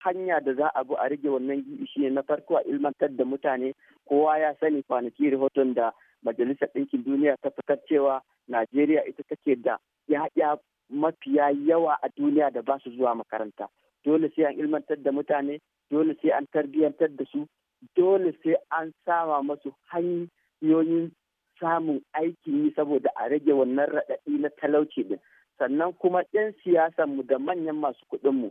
hanya da za a bi a rage wannan gibi shine na farko a ilmantar da mutane kowa ya sani kwanaki rahoton da majalisar ɗinkin duniya ta fitar cewa najeriya ita take da ya'ya mafiya yawa a duniya da ba su zuwa makaranta dole sai an ilmantar da mutane dole sai an tarbiyyantar da su dole sai an sama masu hanyoyin samun aikin yi saboda a rage wannan raɗaɗi na talauci din sannan kuma 'yan siyasanmu da manyan masu kuɗinmu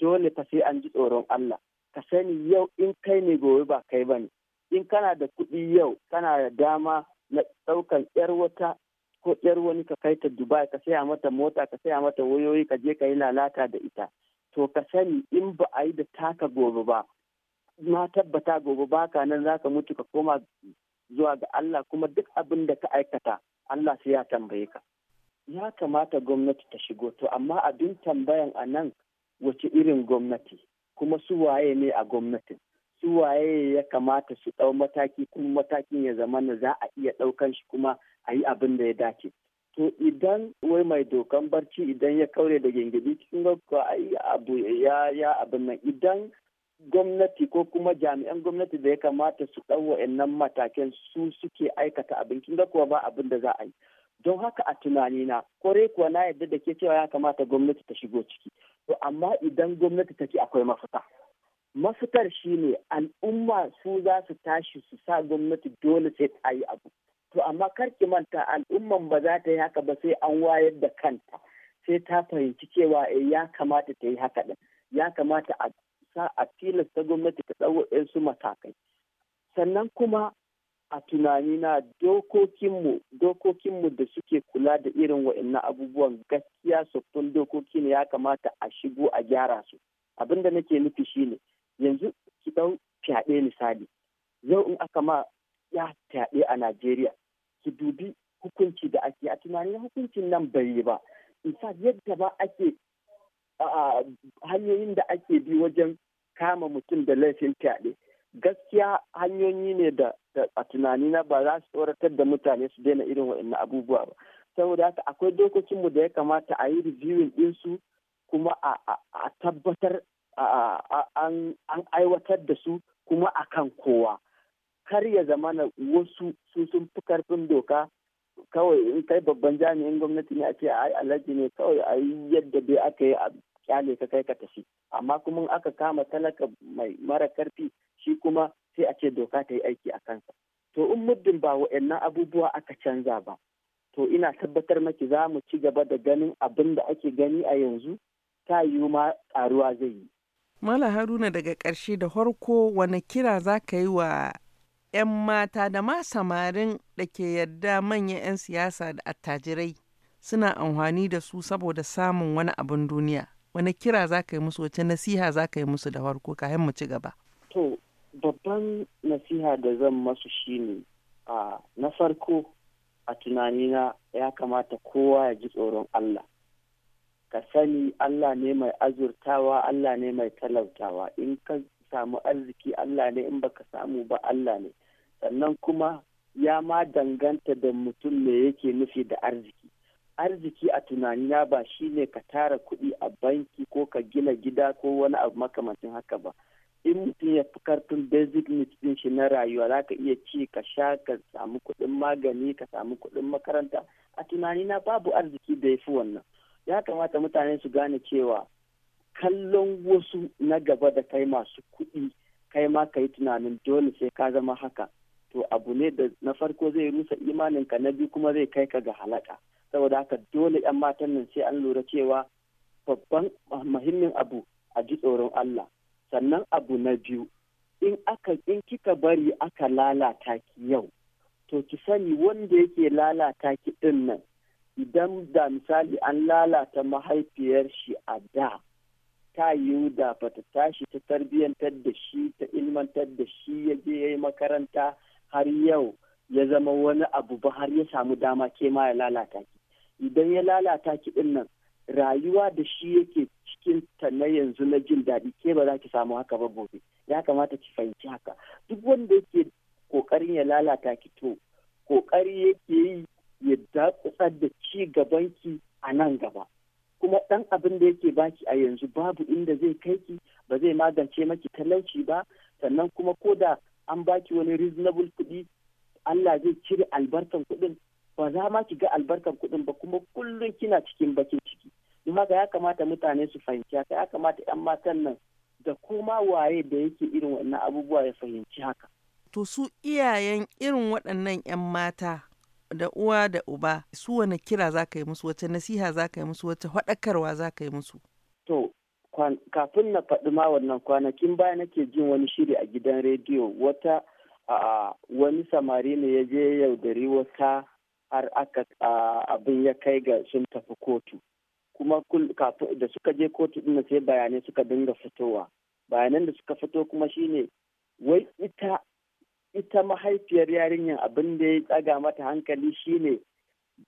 dole ka sai an ji tsoron Allah ka sani yau in kai ne gobe ba kai ba ne in kana da kuɗi yau kana da dama na ɗaukan ƴar wata ko ƴar wani ka kai ta Dubai ka saya mata mota ka saya mata wayoyi ka je ka yi lalata da ita to ka sani in ba a yi da taka gobe ba na tabbata gobe ba ka nan za ka mutu ka koma zuwa ga Allah kuma duk abin da ka aikata Allah sai ya tambaye ka. Ya kamata gwamnati ta shigo to amma abin tambayan a nan wace irin gwamnati kuma su waye ne a gwamnati su waye ya kamata su ɗau mataki kuma matakin ya zama na za a iya ɗaukan shi kuma a yi abin da ya dace to idan wai mai dokan barci idan ya kaure da gengibi cikin abu ya ya abin nan idan gwamnati ko kuma jami'an gwamnati da ya kamata su ɗau wa'annan matakin su suke aikata abin kin ba abin da za a yi don haka a tunanina kore kuwa na yadda da ke cewa ya kamata gwamnati ta shigo ciki To amma idan gwamnati ta ce akwai mafita. Mafitar shi ne al'umma su za su tashi su sa gwamnati dole sai ta yi abu. To amma kar ki manta al'umman ba za ta yi haka ba sai an wayar da kanta. Sai ta fahimci cewa eh, ya kamata ta yi haka ɗin. Ya kamata a sa a tilasta gwamnati ta ɗau su matakai. Sannan kuma a tunanina dokokinmu dokokinmu da suke kula da irin wa'annan abubuwan gaskiya sabbin dokoki ne ya kamata a shigo a gyara su abin da nake nufi shine yanzu ki dau fyaɗe misali yau in aka ma ya fyaɗe a najeriya ki dubi hukunci da ake a tunanin hukuncin nan bai yi ba in yadda ba ake hanyoyin da ake bi wajen kama mutum da laifin fyaɗe gaskiya hanyoyi ne da a tunani na ba za su tsoratar da mutane su daina irin waɗannan abubuwa ba saboda haka akwai dokokinmu da ya kamata a yi reviewing ɗinsu kuma a tabbatar an aiwatar da su kuma a kan kowa kar ya zama na wasu su sun fi karfin doka kawai in kai babban jami'in gwamnati ne a ce yi alhaji ne kawai a yi yadda dai aka yi a kyale ka kai ka tafi amma kuma aka kama talaka mai mara karfi shi kuma sai a ce doka ta yi aiki a kansa to in muddin ba wa'annan abubuwa aka canza ba to ina tabbatar maki za mu ci gaba da ganin abin da ake gani a yanzu ta yiwu ma ƙaruwa zai yi Mala Haruna daga ƙarshe da harko wani kira za ka yi wa 'yan mata da ma samarin da ke yadda manyan 'yan siyasa da attajirai suna amfani da su saboda samun wani abin duniya. Wani kira za ka yi musu wace nasiha za ka yi musu da harko kayan mu ci gaba. babban nasiha da zan masu shine a na farko a tunanina ya kamata kowa ya ji tsoron Allah ka sani Allah ne mai azurtawa Allah ne mai talautawa in ka samu arziki Allah ne in baka samu ba Allah ne sannan kuma ya ma danganta da mutum me yake nufi da arziki arziki a tunanina ba shine ka tara kuɗi a banki ko ka gina gida ko wani abu makamancin haka ba in mutum ya fi karfin basic needs din shi na rayuwa za ka iya ci ka sha ka samu kuɗin magani ka samu kuɗin makaranta a tunani na babu arziki da ya fi wannan ya kamata mutane su gane cewa kallon wasu na gaba da kai masu kuɗi kai ma ka yi tunanin dole sai ka zama haka to abu ne da na farko zai rusa imaninka na biyu kuma zai kai ka ga halaka saboda haka dole 'yan matan nan sai an lura cewa babban ah, muhimmin abu a ji tsoron Allah sannan abu na biyu in aka in kika bari aka lalata ki yau to ki sani wanda yake lalata ki din nan idan da misali an lalata mahaifiyar shi a da ta yiwu da bata tashi ta tarbiyyantar da shi ta ilmantar da shi ya je ya yi makaranta har yau ya zama wani abu ba har ya samu dama ke ma ya lalata ki idan ya lalata ki din nan rayuwa da shi yake cikin ta na yanzu na jin daɗi ke ba za ki samu haka ba gobe ya kamata ki fahimci haka duk wanda yake kokarin ya lalata ki to kokari yake yi ya dakusar da ci gaban ki a nan gaba kuma ɗan abin da yake baki a yanzu babu inda zai kai ki ba zai magance maki talauci ba sannan kuma ko da an baki wani reasonable kuɗi Allah zai cire albarkan kuɗin ba za ma ki ga albarkan kuɗin ba kuma kullum kina cikin bakin ciki don ya kamata mutane su fahimci haka ya kamata 'yan matan nan da kuma waye da yake irin wannan abubuwa ya fahimci haka to su iyayen irin waɗannan 'yan mata da uwa da uba su wani kira za ka yi musu wata nasiha za ka yi musu wata haɗakarwa za ka yi musu to kafin na faɗi ma wannan kwanakin baya nake jin wani shiri a gidan rediyo wata wani samari ne ya je yaudari wata har aka abin ya kai ga sun tafi kotu kuma da suka je kotu ɗin sai bayanai suka dinga fitowa bayanan da suka fito kuma shine wai ita ita mahaifiyar yarinyar abin da ya tsaga mata hankali shine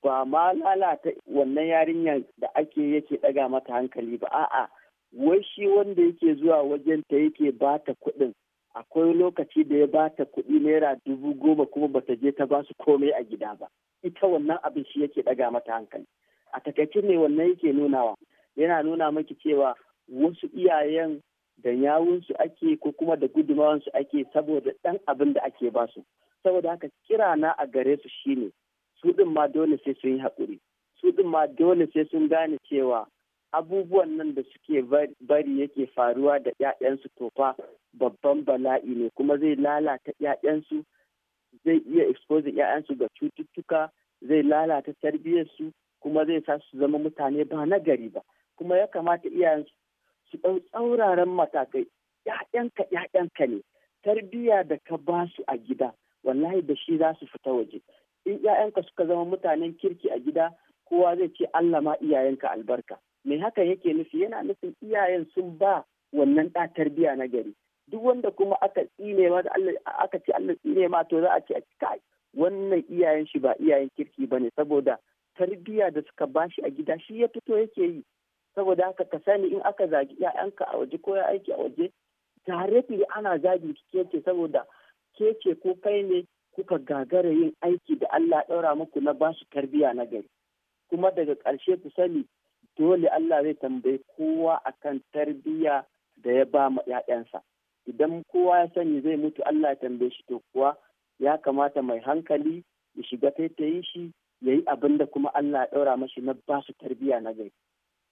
ba ma lalata wannan yarinyar da ake yake ɗaga mata hankali ba a'a wai shi wanda yake zuwa wajen ta yake ba ta kuɗin akwai lokaci da ya ba ta kuɗi naira dubu goma kuma bata je ta ba su komai a gida ba ita wannan abin shi yake ɗaga mata hankali a takaice ne wannan yake nunawa yana nuna maki cewa wasu iyayen da yawunsu ake ko kuma da gudumawansu ake saboda ɗan abin da ake ba su saboda haka kira na a gare su shine su ɗin ma dole sai sun yi haƙuri su ɗin ma dole sai sun gane cewa abubuwan nan da suke bari yake faruwa da 'ya'yansu tofa babban bala'i ne kuma zai lalata 'ya'yansu zai iya expose 'ya'yansu ga cututtuka zai lalata tarbiyyarsu kuma zai sa su zama mutane ba na gari ba kuma ya kamata iyayensu su ɗau tsauraran matakai ‘ya'yanka ‘ya'yanka ne tarbiyya da ka ba su a gida wallahi da shi za su fita waje in ‘ya'yanka suka zama mutanen kirki a gida kowa zai ce Allah ma iyayenka albarka me hakan yake nufi yana nufin iyayen sun ba wannan ɗa tarbiyya na gari duk wanda kuma aka tsine ma aka ce Allah tsine ma to za a ce kai wannan iyayen shi ba iyayen kirki bane saboda tarbiyya da suka bashi a gida shi ya fito yake yi saboda haka ka sani in aka zagi ya'yanka a waje ko ya aiki a waje tare ne ana zagi ke saboda keke ko kai ne kuka gagara yin aiki da Allah ɗaura muku na bashi tarbiyya na gari kuma daga ƙarshe ku sani dole Allah zai tambayi kowa akan tarbiyya da ya ba ma ‘ya'yansa. Idan kowa ya sani zai mutu Allah ya tambaye shi to kuwa ya kamata mai hankali ya shiga taitayin shi ya yi abin da kuma Allah ya ɗaura mashi na basu tarbiyya na gari